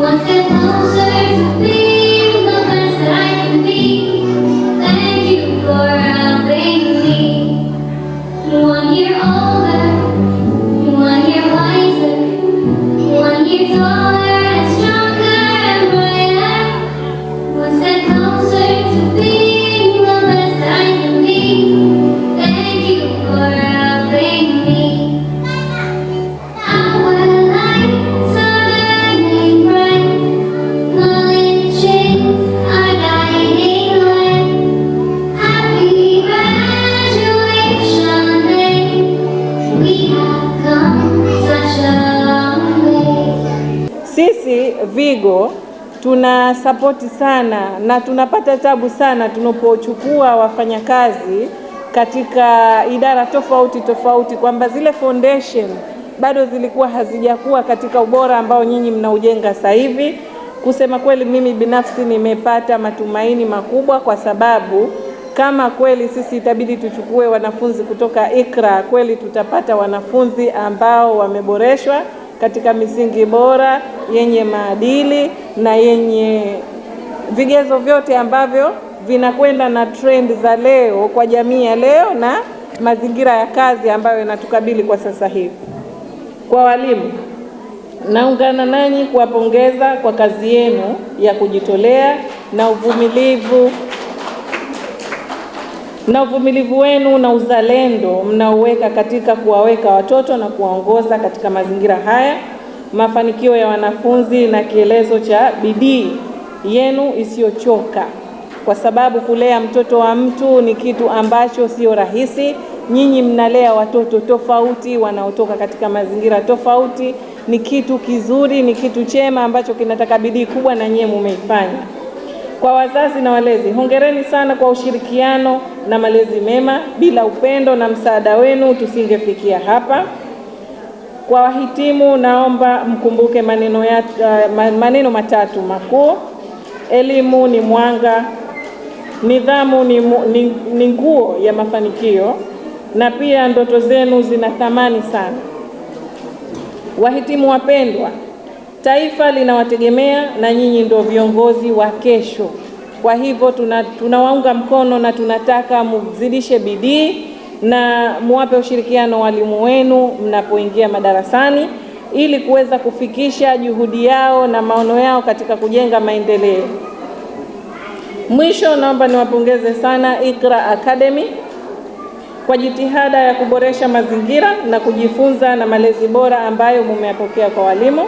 Once a thousand Vigo tuna sapoti sana na tunapata tabu sana tunapochukua wafanyakazi katika idara tofauti tofauti, kwamba zile foundation bado zilikuwa hazijakuwa katika ubora ambao nyinyi mnaujenga sasa hivi. Kusema kweli, mimi binafsi nimepata matumaini makubwa, kwa sababu kama kweli sisi itabidi tuchukue wanafunzi kutoka Iqra, kweli tutapata wanafunzi ambao wameboreshwa katika misingi bora yenye maadili na yenye vigezo vyote ambavyo vinakwenda na trendi za leo kwa jamii ya leo na mazingira ya kazi ambayo yanatukabili kwa sasa hivi. Kwa walimu, naungana nanyi kuwapongeza kwa kazi yenu ya kujitolea na uvumilivu na uvumilivu wenu na uzalendo mnaoweka katika kuwaweka watoto na kuwaongoza katika mazingira haya mafanikio ya wanafunzi na kielezo cha bidii yenu isiyochoka, kwa sababu kulea mtoto wa mtu ni kitu ambacho sio rahisi. Nyinyi mnalea watoto tofauti, wanaotoka katika mazingira tofauti. Ni kitu kizuri, ni kitu chema ambacho kinataka bidii kubwa, na nyie mumeifanya. Kwa wazazi na walezi, hongereni sana kwa ushirikiano na malezi mema. Bila upendo na msaada wenu tusingefikia hapa. Kwa wahitimu, naomba mkumbuke maneno, ya, uh, maneno matatu makuu: elimu ni mwanga, nidhamu ni, ni, ni nguo ya mafanikio, na pia ndoto zenu zina thamani sana. Wahitimu wapendwa, taifa linawategemea na nyinyi ndio viongozi wa kesho. Kwa hivyo tuna, tunawaunga mkono na tunataka mzidishe bidii na muwape ushirikiano walimu wenu mnapoingia madarasani ili kuweza kufikisha juhudi yao na maono yao katika kujenga maendeleo. Mwisho, naomba niwapongeze sana Iqra Academy kwa jitihada ya kuboresha mazingira na kujifunza na malezi bora ambayo mumeyapokea kwa walimu.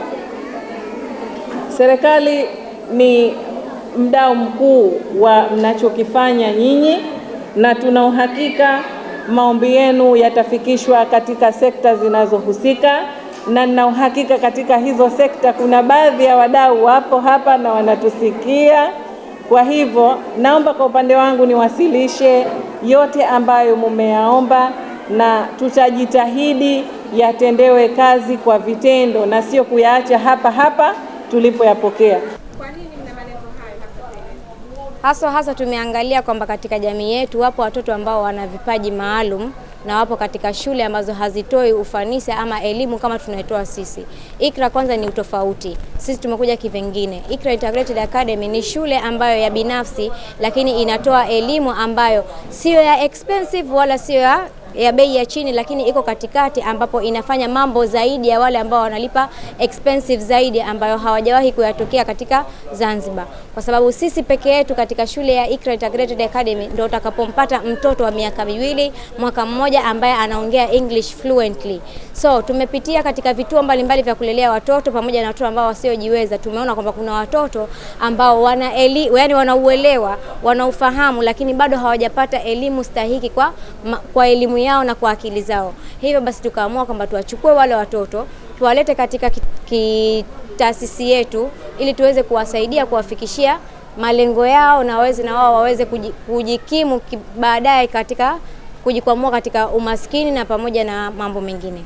Serikali ni mdau mkuu wa mnachokifanya nyinyi na tuna uhakika maombi yenu yatafikishwa katika sekta zinazohusika, na nina uhakika katika hizo sekta kuna baadhi ya wadau wapo hapa na wanatusikia. Kwa hivyo naomba kwa upande wangu niwasilishe yote ambayo mumeyaomba, na tutajitahidi yatendewe kazi kwa vitendo na sio kuyaacha hapa hapa tulipoyapokea haswa hasa tumeangalia kwamba katika jamii yetu wapo watoto ambao wana vipaji maalum na wapo katika shule ambazo hazitoi ufanisi ama elimu kama tunaitoa sisi. Ikra kwanza ni utofauti, sisi tumekuja kivengine. Ikra Integrated Academy ni shule ambayo ya binafsi, lakini inatoa elimu ambayo siyo ya expensive wala siyo ya ya bei ya chini, lakini iko katikati, ambapo inafanya mambo zaidi ya wale ambao wanalipa expensive zaidi, ambayo hawajawahi kuyatokea katika Zanzibar, kwa sababu sisi peke yetu katika shule ya Iqra Integrated Academy ndio utakapompata mtoto wa miaka miwili mwaka mmoja ambaye anaongea English fluently. So tumepitia katika vituo mbalimbali vya kulelea watoto pamoja na watoto ambao wasiojiweza, tumeona kwamba kuna watoto ambao wana eli, yani wanauelewa, wanaufahamu, lakini bado hawajapata elimu stahiki kwa, kwa elimu yao na kwa akili zao. Hivyo basi tukaamua kwamba tuwachukue wale watoto tuwalete katika taasisi yetu ili tuweze kuwasaidia kuwafikishia malengo yao na waweze na wao waweze kujikimu baadaye katika kujikwamua katika umaskini na pamoja na mambo mengine.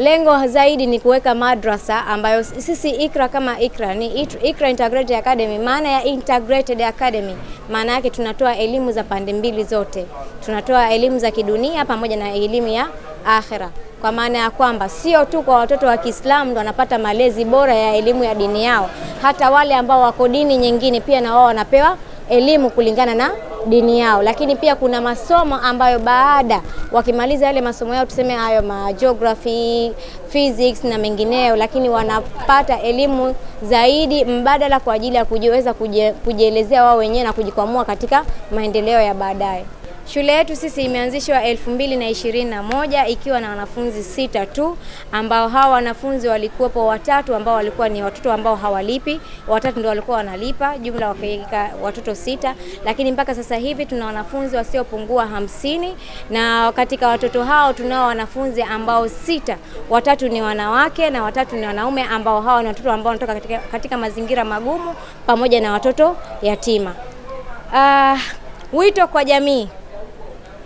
Lengo zaidi ni kuweka madrasa ambayo sisi Iqra kama Iqra ni Iqra Integrated Academy. Maana ya Integrated Academy, maana yake tunatoa elimu za pande mbili zote, tunatoa elimu za kidunia pamoja na elimu ya akhira, kwa maana ya kwamba sio tu kwa watoto wa Kiislamu ndo wanapata malezi bora ya elimu ya dini yao, hata wale ambao wako dini nyingine pia na wao wanapewa elimu kulingana na dini yao, lakini pia kuna masomo ambayo baada wakimaliza yale masomo yao, tuseme hayo ma geography, physics na mengineo lakini wanapata elimu zaidi mbadala kwa ajili ya kujiweza kujielezea wao wenyewe na kujikwamua katika maendeleo ya baadaye. Shule yetu sisi imeanzishwa elfu moja ikiwa na wanafunzi sita tu, ambao hawa wanafunzi walikuwepo watatu ambao walikuwa ni watoto ambao hawalipi, watatu ndio walikuwa wanalipa, jumla wakaika watoto sita, lakini mpaka sasa hivi tuna wanafunzi wasiopungua hamsini na katika watoto hao tunao wanafunzi ambao sita, watatu ni wanawake na watatu ni wanaume, ambao hawa ni watoto ambao wanatoka katika, katika mazingira magumu pamoja na watoto yatima. Uh, wito kwa jamii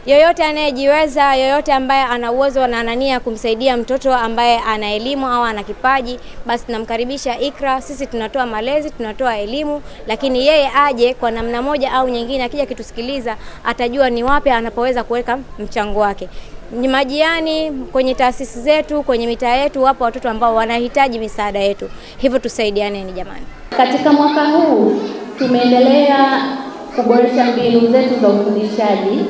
yoyote anayejiweza, yoyote ambaye ana uwezo na anania kumsaidia mtoto ambaye ana elimu au ana kipaji, basi tunamkaribisha Iqra. Sisi tunatoa malezi, tunatoa elimu, lakini yeye aje kwa namna moja au nyingine. Akija kitusikiliza, atajua ni wapi anapoweza kuweka mchango wake. Ni majiani, kwenye taasisi zetu, kwenye mitaa yetu, wapo watoto ambao wanahitaji misaada yetu, hivyo tusaidianeni jamani. Katika mwaka huu tumeendelea kuboresha mbinu zetu za ufundishaji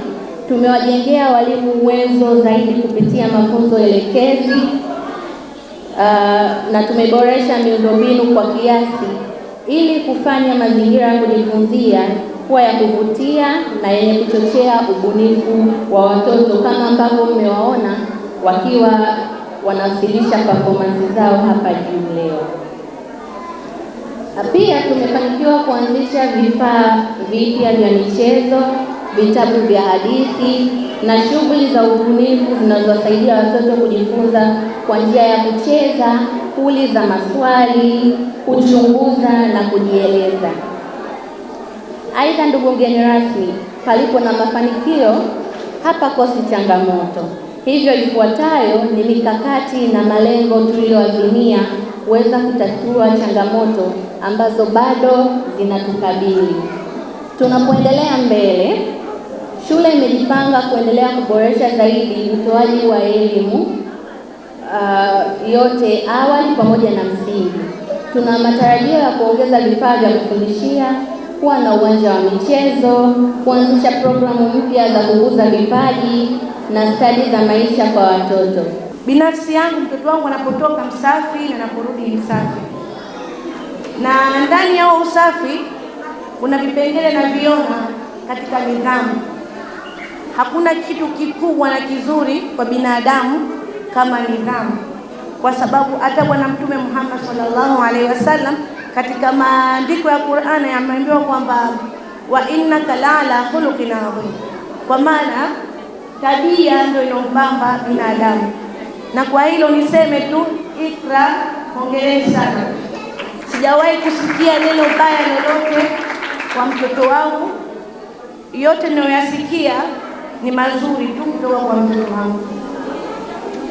Tumewajengea walimu uwezo zaidi kupitia mafunzo elekezi uh, na tumeboresha miundombinu kwa kiasi ili kufanya mazingira ya kujifunzia kuwa ya kuvutia na yenye kuchochea ubunifu wa watoto kama ambavyo mmewaona wakiwa wanawasilisha performance zao hapa juu leo. Pia tumefanikiwa kuanzisha vifaa vipya vya michezo vitabu vya hadithi na shughuli za ubunifu zinazowasaidia watoto kujifunza kwa njia ya kucheza, kuuliza maswali, kuchunguza na kujieleza. Aidha, ndugu mgeni rasmi, palipo na mafanikio hapa kosi changamoto. Hivyo ifuatayo ni mikakati na malengo tuliyoazimia kuweza kutatua changamoto ambazo bado zinatukabili tunapoendelea mbele. Shule imejipanga kuendelea kuboresha zaidi utoaji wa elimu uh, yote awali pamoja na msingi. Tuna matarajio ya kuongeza vifaa vya kufundishia, kuwa na uwanja wa michezo, kuanzisha programu mpya za kukuza vipaji na stadi za maisha kwa watoto. Binafsi yangu mtoto wangu anapotoka msafi na anaporudi msafi, na ndani ya usafi kuna vipengele na viona katika nidhamu Hakuna kitu kikubwa na kizuri kwa binadamu kama nidhamu, kwa sababu hata Bwana Mtume Muhammad sallallahu alaihi wasallam katika maandiko ya Qur'ani yameambiwa kwamba wa innaka la'ala khuluqin adhim, kwa maana tabia ndio inaombamba binadamu. Na kwa hilo niseme tu Ikra, hongereni sana. Sijawahi kusikia neno baya lolote kwa mtoto wangu, yote ninayoyasikia ni mazuri tu kutoka kwa mtoto wangu.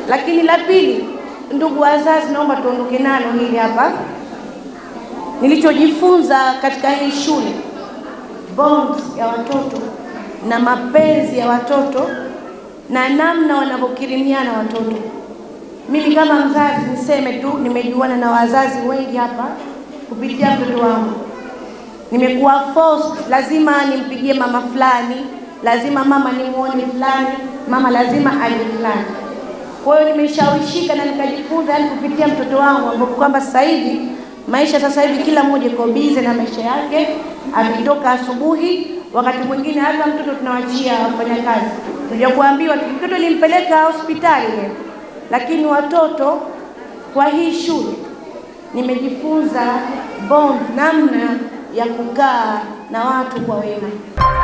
Lakini la pili, ndugu wazazi, naomba tuondoke nalo hili hapa nilichojifunza katika hii shule, bonds ya watoto na mapenzi ya watoto na namna wanavyokirimiana watoto. Mimi kama mzazi niseme tu, nimejuana na wazazi wengi hapa kupitia mtoto wangu, nimekuwa forced lazima nimpigie mama fulani lazima mama nimuone fulani, mama lazima aje fulani. Kwa hiyo nimeshawishika na nikajifunza, yani kupitia mtoto wangu, ambapo kwamba sasa hivi maisha sasa hivi kila mmoja iko bize na maisha yake, ametoka asubuhi. Wakati mwingine hata mtoto tunawachia wafanya kazi, tuja kuambiwa mtoto limpeleka hospitali lakini watoto kwa hii shule nimejifunza bond, namna ya kukaa na watu kwa wema.